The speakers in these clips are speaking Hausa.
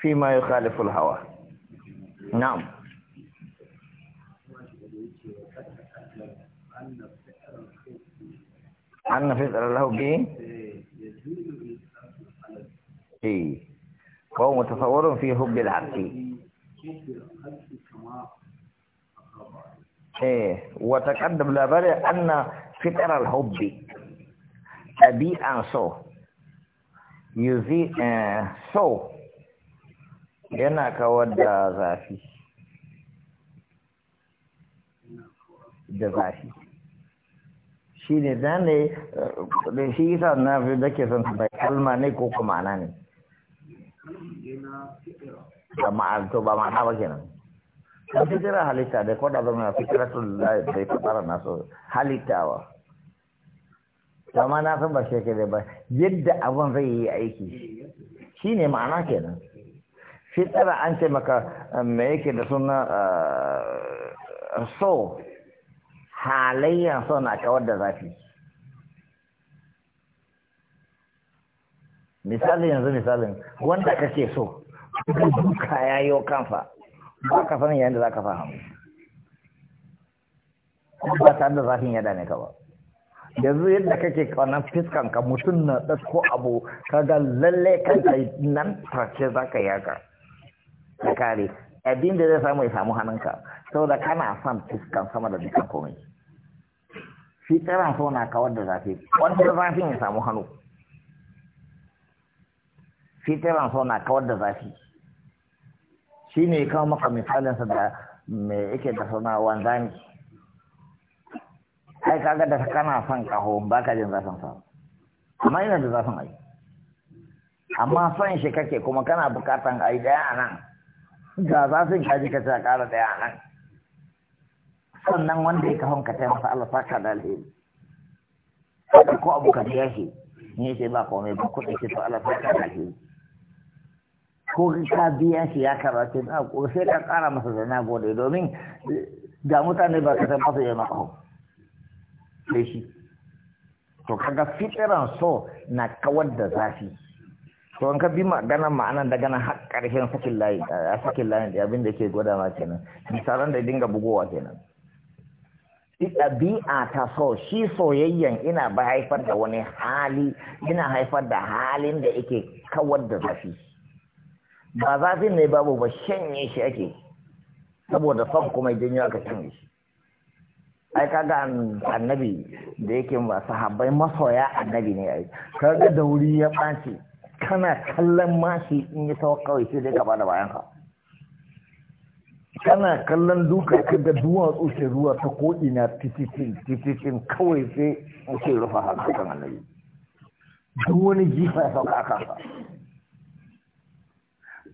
فيما يخالف الهوى نعم أن فطر له به إيه وهو متصور في حب العبد إيه وتقدم لبالي أن فطر الحب أبي أنصو يزي أه سو yana kawar da zafi da zafi shi ne zane da shi isa na fi da ke son bai kalma ne ko kuma ana ne da ma'arto ba ma'ana ba kenan kan fikira halitta da kwada zama na fikira sun da ya fara nasu halittawa ma na san ba shi ke da ba yadda abin zai yi aiki shi ne ma'ana kenan fitara an ce maka me yake da suna eh, so halayya so na kawar da zafi misali yanzu misalin wanda kake so ka yayo kanfa ba ka sanin yayin da za ka fahimu ba tare da zafin yada ne ka ba yanzu yadda kake kwanan fiskan ka mutum na ɗasko abu ka ga lalle kanka nan take za ka yaka ka kare abin da zai samu ya samu hannunka saboda kana son fuskan sama da dukkan komai shi tsara so na kawar da zafi wanda zafin ya samu hannu shi tsara so na kawar da zafi shi ne kawo maka misalinsa da me yake da suna wanzani ai kaga da kana son kaho ba ka jin zafin sa amma ina da zafin ai amma son shi kake kuma kana bukatan ai daya a nan ga zafin kaji ka a ƙara ɗaya a nan sannan wanda ya kafan ka taimaka Allah ka da alheri saka ko abu ka biya shi ne ce ba ko mai kuɗi ce to Allah ka da alheri ko ka biya shi ya karba ce na ko sai ka ƙara masa zana na gode domin ga mutane ba ka san masa ya maka sai shi to kaga fitiran so na kawar da zafi to an ka bi magana ma'anan daga nan har karshen sakin layi a sakin layi da abin da ke gwada ma kenan misalan da dinga bugowa kenan ɗabi'a ta so shi soyayyen ina ba haifar da wani hali ina haifar da halin da yake kawar da zafi ba zafin ne babu ba shanye shi ake saboda son kuma janyo aka shanye shi ai kaga annabi da yake masu habbai masoya annabi ne ai kaga da wuri ya ɓace kana kallon mashi in ya tawa kawai sai dai gaba da bayanka kana kallon duka ka ga duwatsu sai ruwa ta ko'ina titicin titicin kawai sai in ce rufa haka kan annabi duk wani jifa ya sauka a kansa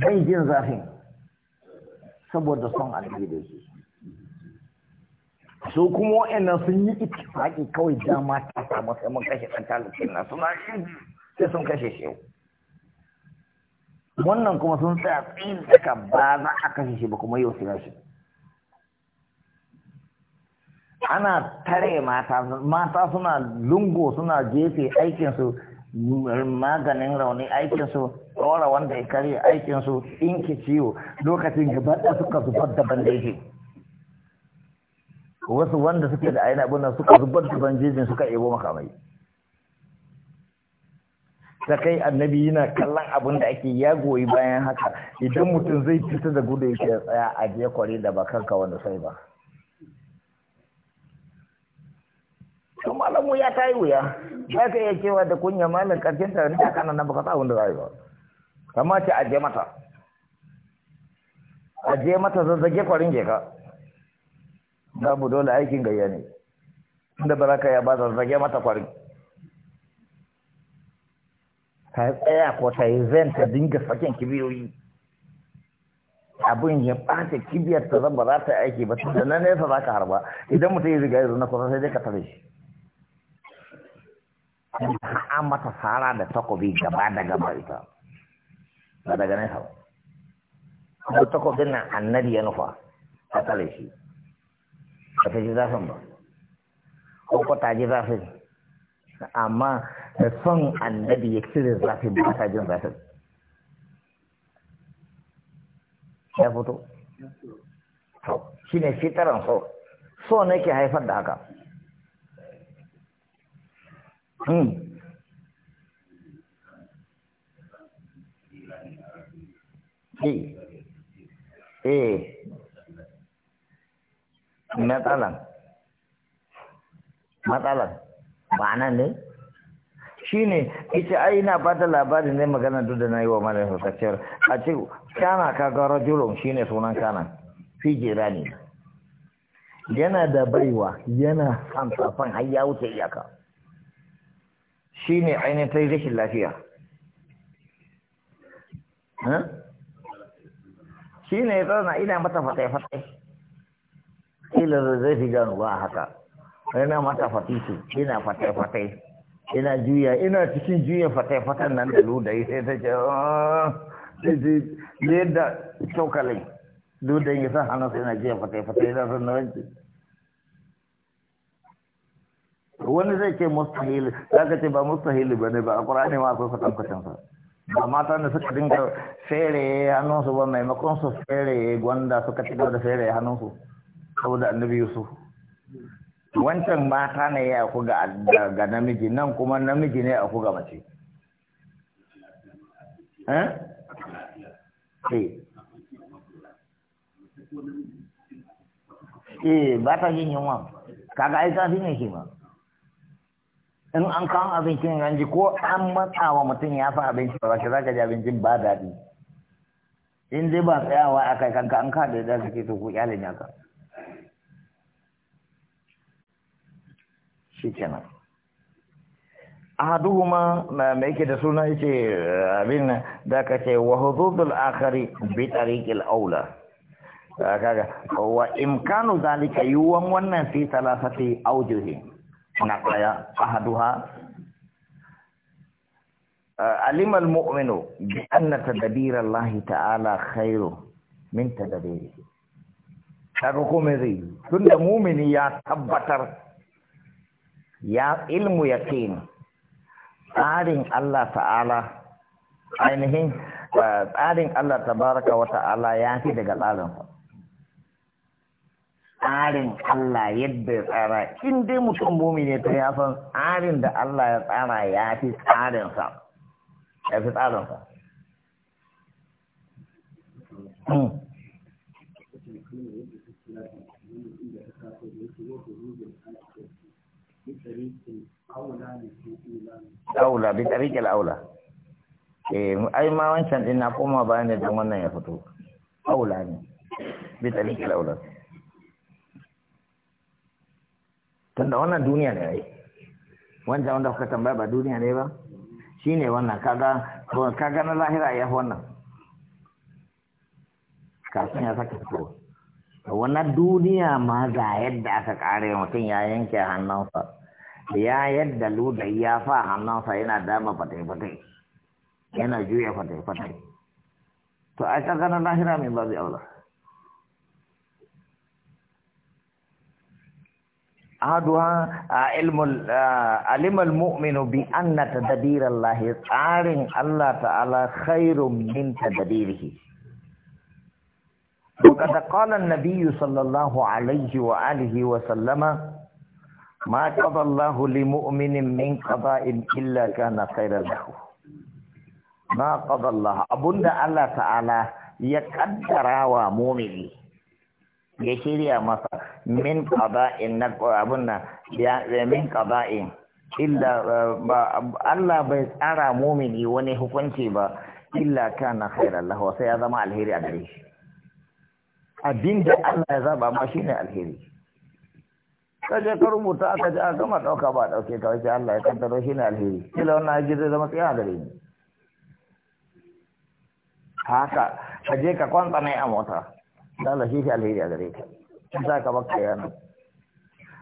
zai jin zafin saboda son annabi da shi so kuma wa'annan sun yi ittifaqi kawai dama ta samu sai mun kashe ɗan talibin na suna shi sai sun kashe shi wannan kuma sun tsaya tsayin daga ba za a kashe shi ba kuma yau shiga shi ana tare mata mata suna lungo suna jefe aikinsu maganin rauni aikinsu tsora wanda ya karya aikinsu ki ciwo lokacin gaba suka zubar da bandeji wasu wanda suke da aina abunan suka zubar da bandejin suka ebo makamai ta kai annabi yana kallon abin da ake ya goyi bayan haka idan mutum zai fita da gudu ya tsaya a je kware da ba kanka wanda sai ba to malamu ya tayi wuya Ba ka iya cewa da kunya malam karshen ta ta kana nan baka sa da zai ba kama ce a je mata a je mata zazzage kwarin ke ka babu dole aikin gayya ne inda baraka ya ba zazzage mata kwarin ta tsaya ko ta yi zan ta dinga sakin kibiyoyi abin ya ɓata kibiyar ta zama za ta aiki ba da na nesa za ka harba idan mutum ya riga ya na kusa sai dai ka tare shi an mata sara da takobi gaba da gaba ita ba daga nesa ba ko takobin nan annabi ya nufa ka tare shi ba ta ji zafin ba ko ko ta ji zafin amma son annabi ya cire zafin ba ta jin zafin ya fito shi ne fitaran so so ne ke haifar da haka eh matsalan matsalan ba nan ne shi ne ita ai na ba da labarin ne magana duk da na yi wa mara hausakciyar a ce kana ka gara rajulun shi ne sunan kana fi jira ne yana da baiwa yana san safan har ya wuce iyaka shi ne ainihin ta yi rashin lafiya shi ne ya na ina mata fatai-fatai ila zai fi gano ba haka ina mata su, ina fatai-fatai ina juya ina cikin juya fatai-fatan nan da ludayi sai ta ce ne ah, da cokalai ludayi ya sa hannun sai na juya fatai-fatai na sun nawanci wani zai ce mustahil za ka ce ba mustahil ba ne ba a ne masu fatankwacin sa ba mata da suka dinga fere hannunsu ba maimakon su fere gwanda suka ci da fere hannunsu saboda annabi yusuf wancan mata ne ya ku ga ga namiji nan kuma namiji ne a ku ga mace eh eh, eh ba ta yin yunwa kaga ai zafi ne shi ma in an kawo abincin ranji ko an matsawa mutum ya fi abinci ba shi zaka ji abincin ba daɗi in dai ba tsayawa a kai kanka an kaɗe da suke to ku kyalin ka. shikenan kenan ahaduhuma mai yake da suna yace abin nan da ka ce wa hududul akhari bi tariqil aula kaga wa imkanu zalika yuwan wannan fi talafati awjuhi na daya ahaduha علم المؤمن بأن تدبير الله تعالى خير من تدبيره kaga komai zai tunda mumini ya tabbatar ya ilmu yaqin tsarin Allah ta'ala ainihin tsarin Allah tabaraka wa ta'ala ya fi daga tsarinsa tsarin Allah yadda ya tsara in dai mutum ne ta ya san tsarin da Allah ya tsara ya fi tsarinsa ya fi tsarinsa hmm. aula bi tariqil aula eh ma wancan din na koma bayani don wannan ya fito aula ne bi tariqil aula tunda wannan duniya ne ai wancan wanda kuka tambaya ba duniya ne ba ne wannan kaga kaga na lahira ya wannan kafin ya saka fito wannan duniya ma za yadda aka kare mutum ya yanke hannunsa ya yadda Luda ya fa hannunsa yana dama fatai-fatai yana juya fatai-fatai to a ƙarƙarar lahira mai babu aula aduwa a alimul mu'minu bi ta tadbiran lahi tsarin Allah ta'ala khairun min ta tadbirihi وقد قال النبي صلى الله عليه وآله وسلم ما قضى الله لمؤمن من قضاء إلا كان خيرا له ما قضى الله أبند الله تعالى يقدر ومؤمن يشير مصر من قضاء أبند من قضاء إلا الله بيسأل مؤمن وني حكمتي با إلا كان خيرا له وسيضم الهير أدريش abin da Allah ya zaba ma shine alheri kaje ka rubuta aka ji a gama dauka ba dauke ka wace Allah ya kaddaro shine alheri kila wannan aji zai zama tsaya gare ni haka kaje ka kwanta mai a mota Allah shi shi alheri a gare ka in za ka baka yana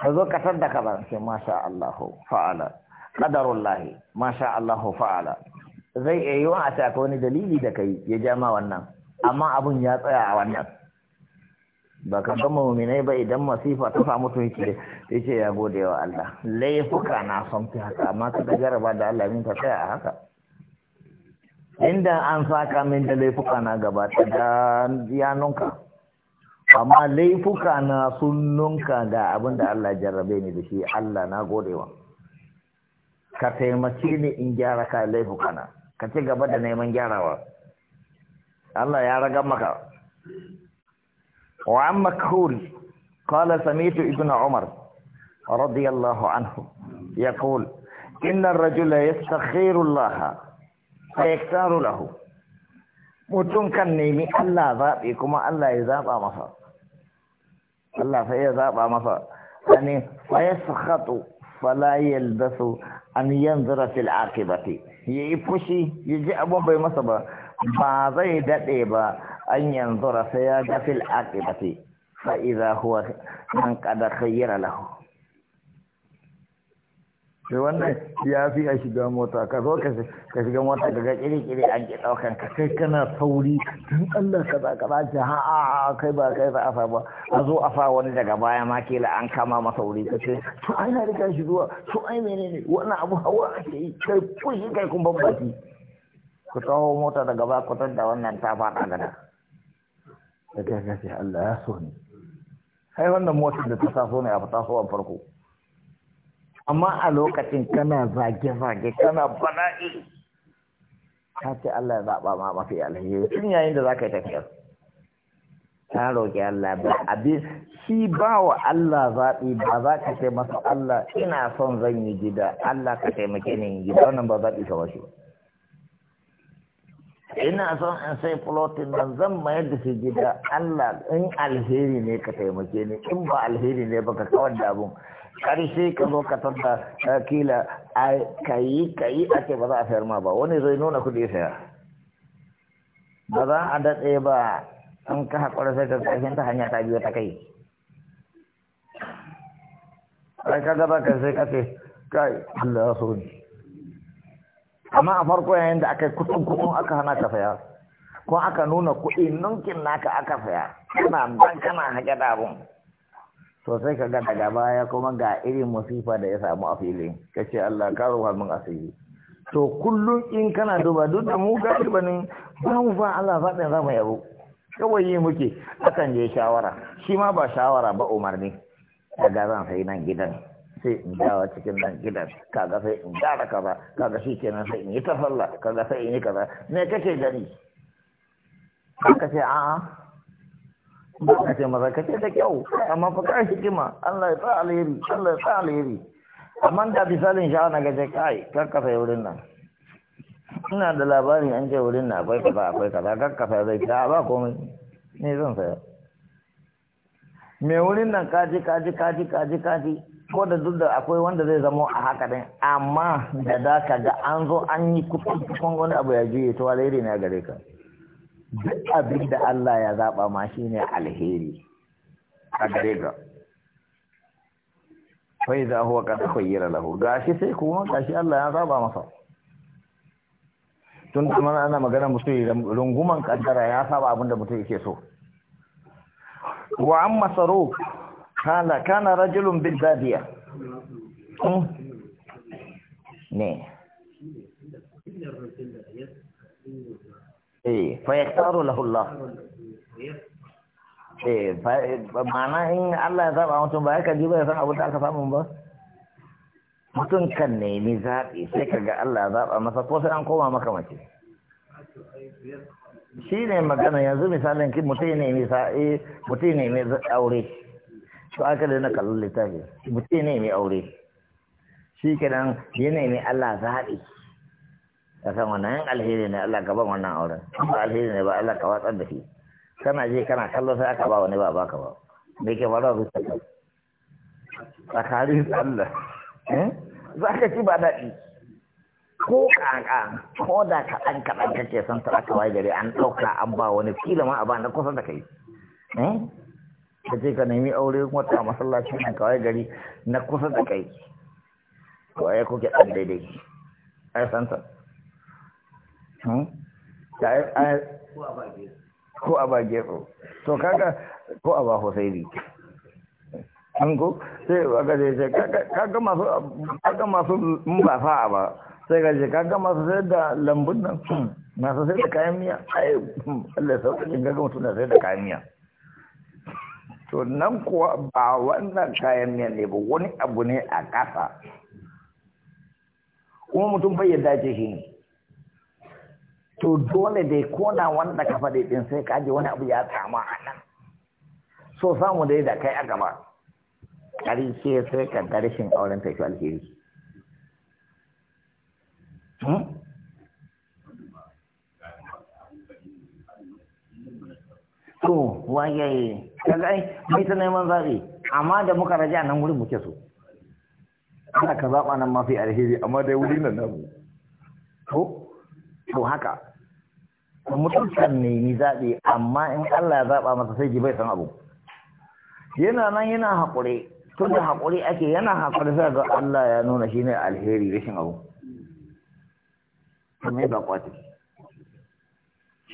ka zo ka da ka ban sai masha Allah fa'ala qadarullahi masha Allah fa'ala zai iya yi wa a ta wani dalili da kai ya ma wannan amma abun ya tsaya a wannan ba ka ga muminai ba idan masifa ta samu to yake yace ya gode wa Allah laifuka na son fi haka amma ka ga jaraba da Allah min ta tsaya a haka inda an saka min da laifuka na gaba ta da ya nunka amma laifuka na sun nunka da abin da Allah jarrabe ni da shi Allah na godewa ka taimake ni in gyara ka laifuka na ka ci gaba da neman gyarawa Allah ya raga maka وعن مكهول قال سميت ابن عمر رضي الله عنه يقول إن الرجل يستخير الله فيكتار له متون كان نيمي ألا ذابكما ألا يذاب أمسا ألا فيذاب أمسا يعني فيسخط فلا يلبث أن ينظر في العاقبة يبشي يجي أبو بمسا بعضي دقيبا an yanzura sai ya ga fil aqibati fa idza huwa an qada khayra lahu sai wannan ya fi a shiga mota ka zo ka shiga mota daga kiri-kiri an ji daukan ka kai kana sauri don Allah ka za ka ba ji ha a kai ba kai za a fa ba a zo a fa wani daga baya ma la an kama masa wuri ka ce to ai na rika shi zuwa to ai menene wannan abu hawa ake yi kai kun kai kun babbaci ku taho mota daga baya ku da wannan ta faɗa gada. da ta kace Allah ya so ne kai wannan motar da ta taso ne a taso a farko amma a lokacin kana zage-zage kana bala'i ta ce Allah ya zaɓa ma mafi alheri tun yayin da za ka yi tafiyar ta roƙi Allah ba abin shi ba wa Allah zaɓi ba za ka ce masa Allah ina son zan yi gida Allah ka taimake ni gida wannan ba zaɓi ka wasu ina son in sai plotin nan zan mayar da shi gida Allah in alheri ne ka taimake ni in ba alheri ne ba ka kawar da abun karshe ka zo ka tadda eh, kila kayi kayi a ce ba za a sayar ma ba wani zai nuna kuɗi saya ba za a datse ba an ka haƙura sai ka ƙarshen ta hanya ta biyu ta kai ai ka gaba ka sai ka ce kai Allah ya so ni amma a farko yayin da aka yi kuɗin kutun aka hana ka saya ko aka nuna kuɗi nunkin naka aka saya kana ban kana haƙe da abun to ka ga daga baya kuma ga irin musifa da ya samu a filin ka ce Allah ka ruwa min asiri to kullum in kana duba duk da mu galibanin ba mu fa Allah faɗin za mu yabo kawai yi muke akan je shawara shi ma ba shawara ba umarni daga zan sai nan gidan sai in dawo cikin dan gidan kaga sai in gyara kaza kaga shi kenan sai in yi ta salla, kaga sai in yi kaza me kake gani ka ce a'a ba ka ce maza ka ce da kyau amma fa ka hikima Allah ya sa alheri Allah ya sa alheri amma da bisalin sha na gaje kai sai wurin nan ina da labarin an je wurin nan akwai kaza akwai kaza sai zai ta ba komai ne zan saya me wurin nan kaji kaji kaji kaji kaji ko da duk da akwai wanda zai zama a haka din amma da daka ka ga an zo an yi kuɗin wani abu ya juye to alheri ne gare ka duk abin da Allah ya zaɓa ma shi ne alheri a gare ka kai za huwa ta kwayyara lahu shi sai kuma gashi Allah ya zaɓa masa tun da mana ana magana mutum runguman kaddara ya saba abin da mutum yake so wa an masarok هذا كان رجل بالبادية نعم إيه فيختار له الله إيه فمعنى إن الله هذا أو تنبه هكا جيبه يصاب أبو تعالى كفاهم من بس كني ميزاتي سيكا قال الله هذا أما ستوصل عن قوة مكة مكة شيء ما نعم، كان يزوم مثلا كي متيني نعم، إيه، ميزاتي متيني ميزاتي نعم، أوريش to aka daina kallon littafi mutum ne mai aure shi kenan ya ne Allah zaɓi ka san wannan yan alheri ne Allah gaban wannan auren ba alheri ne ba Allah ka watsar da shi kana je kana kallo sai aka ba wani ba baka ba me ke faruwa ku ta tsakanin Allah eh? za ka ci ba daɗi ko kaka, ko da kaɗan kaɗan kake son ta aka waye gari an ɗauka an ba wani kila ma a ba na kusa da kai eh? ka ce ka nemi aure kuma ta masallaci na kawai gari na kusa da kai waye kuke ɗan daidai ai santa hmm? ko a ba gero to kaga ko a ba husaini an ko sai kaga sai kaga masu kaga masu mun ba fa'a ba sai kaga kaga masu sai da lambun nan hmm. masu sai da kayan miya ai hmm, Allah sauƙin kaga mutum sai da kayan miya to nan kuwa ba wannan kayan ne ne ba wani abu ne a ƙasa kuma mutum bai yadda ce shi ne to dole dai kona wanda ka faɗi ɗin sai kaji wani abu ya tsama a nan so samu dai da kai a gaba ƙarshe sai ka ga rashin auren tafi alheri hmm? to wayaye kaga ai mai ta neman zaɓe amma da muka raja nan wurin muke so ana ka zaɓa nan mafi alheri amma dai wurin nan namu to to haka mutum kan nemi zaɓe amma in Allah ya zaɓa masa sai ji bai san abu yana nan yana haƙuri. tun da haƙuri ake yana haƙuri sai ga Allah ya nuna shi ne alheri rashin abu. Mai ba kwati.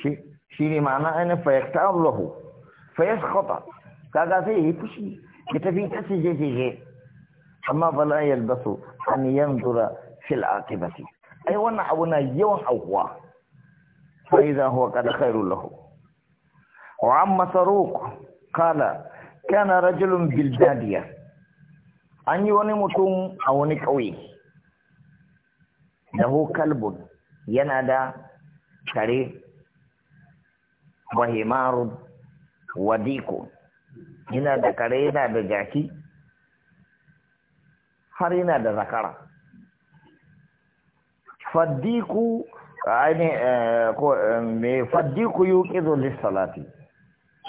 Shi shine ma'ana ainihin fayakta allahu fayaskota kaga sai yi fushi ya tafi ta sije sije amma fala yalbasu an yanzura fil aqibati ai wannan abu na yawan aukuwa fa idza huwa qad khairul lahu wa amma saruq qala kana rajulun bil badiya an yi wani mutum a wani kauye lahu kalbun yana da kare Wahimaru Wadiku yana da kare yana da jaki har yana da zakara faddiku aini eh, ko eh, me faddiku yuqidu lis-salati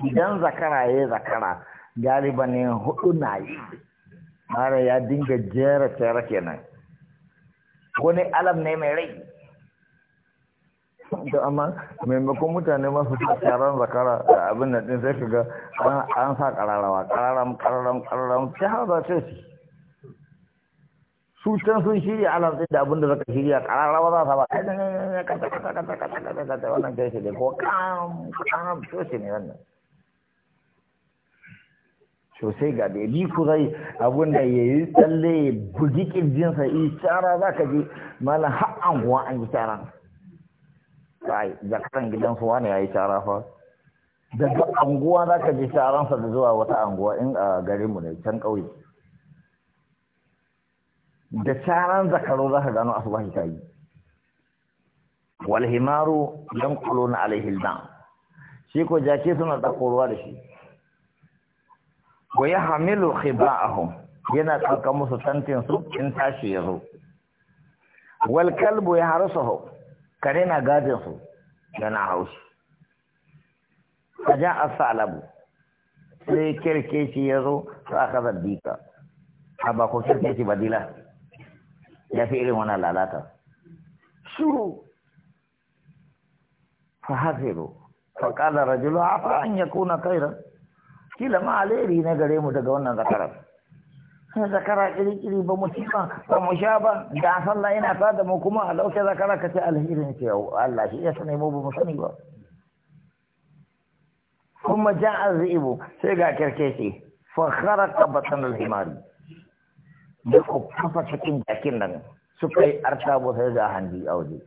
idan zakara ya zakara galiban ne hudu na yi mara ya dinga jera tsara kenan wani alam ne mai rai da amma maimakon mutane masu taron zakara da abin da din sai ka ga an sa kararawa kararam kararam kararam ta haza ce su can sun shirya ala sai da abin da zaka shirya kararawa za ta ba kai ne kata kata kata kata kata wannan kai shi ko kam kam to ne wannan sosai ga da bi ku zai abun da ya yi tsalle bugi kirjinsa yi tsara za ka je malam har an kuwa an yi tsaran kai zakaran gidan su wani yayi shara fa daga anguwa zaka ji sa da zuwa wata anguwa in a garin mu ne can kauye da sharan zakaro zaka gano asubahi ta yi wal himaru yanquluna alaihi al-dam shi ko jaki suna da ruwa da shi wa yahmilu khiba'ahum yana tsaka musu tantin su in tashi yazo wal kalbu yahrusuhu kare na gadin su da na haushi asa asalabu sai shi ya zo su aka zaddika a ba ko shi badila ya fi irin wani lalata shuru fa haziru fa qala rajulu afa an yakuna khairan kila ma alheri na gare mu daga wannan zakarar ذكر إلي إلي بمشيما ومشابا دع صلى إن أفاد مكما لو كذكر كتي ألهير نتيا ألا شيء يسني مو بمسني ثم جاء الزئب سيقا كركيتي فخرق بطن الهمار يقف فقط شكين جاكين لن سبقي أرتابو سيجا هنجي أو دي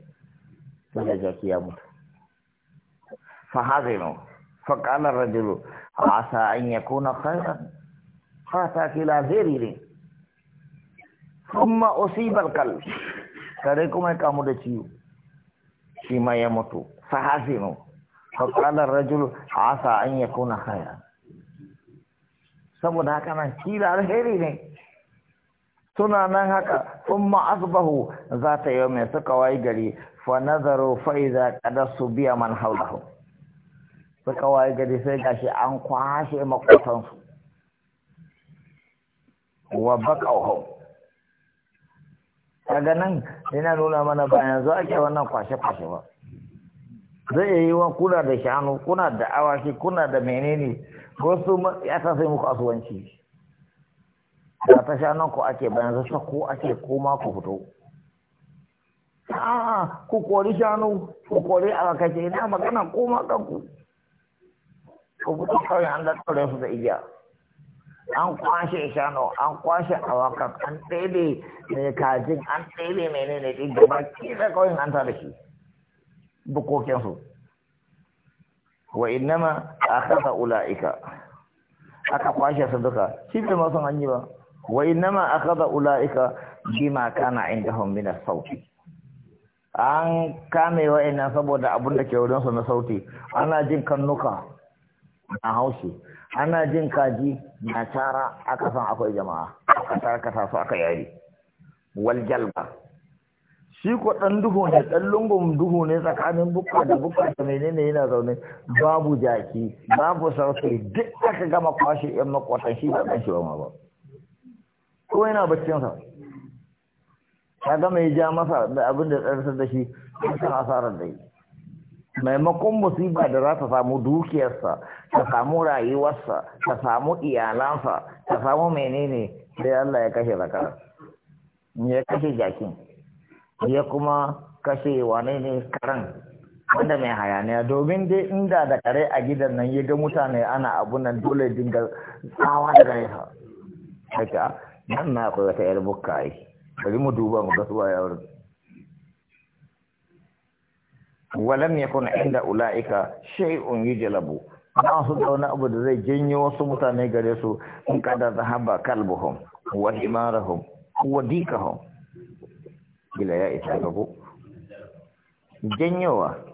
سيجا جاكي يا موت فحاضنو فقال الرجل عسى أن يكون خيرا fata fila zeri ne kuma osibar kal kare kuma ya kamu da ciwo shi ma ya mutu sahasinu faƙalar rajul asa an ya kuna haya saboda haka nan kila alheri ne suna nan haka kuma asbahu za ta yau mai suka wayi gari fa nazaro fa'iza kada su biya man haulahu suka wayi gari sai gashi an kwashe makotansu wa baqawhum daga nan yana nuna mana ba yanzu ake wannan kwashe-kwashe ba zai yi wa kuna da shanu kuna da awaki kuna da menene ko su ya ta sai muku asuwanci ba ta shanun ku ake ba yanzu ko ake koma ku fito a'a ku kori shanu ku kori awakace ina magana koma kanku ku fito kawai an da tsare su da igiya an kwashe shano an kwashe awakan an ɗebe mai kajin an ɗebe mai ne ne ɗin gaba da kawai an tare shi bukokinsu wa innama kasa ulaika aka kwashe su duka shi bai masu hanyi ba wa innama kasa ulaika ma kana ga min na sauti an kame wa'annan saboda abun da ke wurin su na sauti ana jin kannuka a haushe ana jin kaji na tara aka san akwai jama'a aka tara ka taso aka yari waljalba shi ko dan duhu ne dan lungun duhu ne tsakanin bukka da bukka da menene yana zaune babu jaki babu sarfai duk aka gama kwashe yan makwatan shi ba kan ba ma ba ko yana baccinsa, sa ka ga ja masa da abin da tsarsar da shi kan asarar da yi maimakon musiba da za ta samu dukiyarsa ta samu rayuwarsa ta samu iyalansa ta samu menene sai Allah ya kashe zakar ya kashe jakin ya kuma kashe wane ne karan wanda mai hayaniya domin dai inda da kare a gidan nan ya ga mutane ana abun nan dole dinga tsawa da nesa kaka nan na akwai wata yar bukka ai bari mu duba mu ga suwa yawon walam yakun inda ulaika shay'un yujlabu ba su da wani abu da zai janyo wasu mutane gare su in kada zahaba kalbuhum wa himarahum wa dikahum ila ya isa gabo janyowa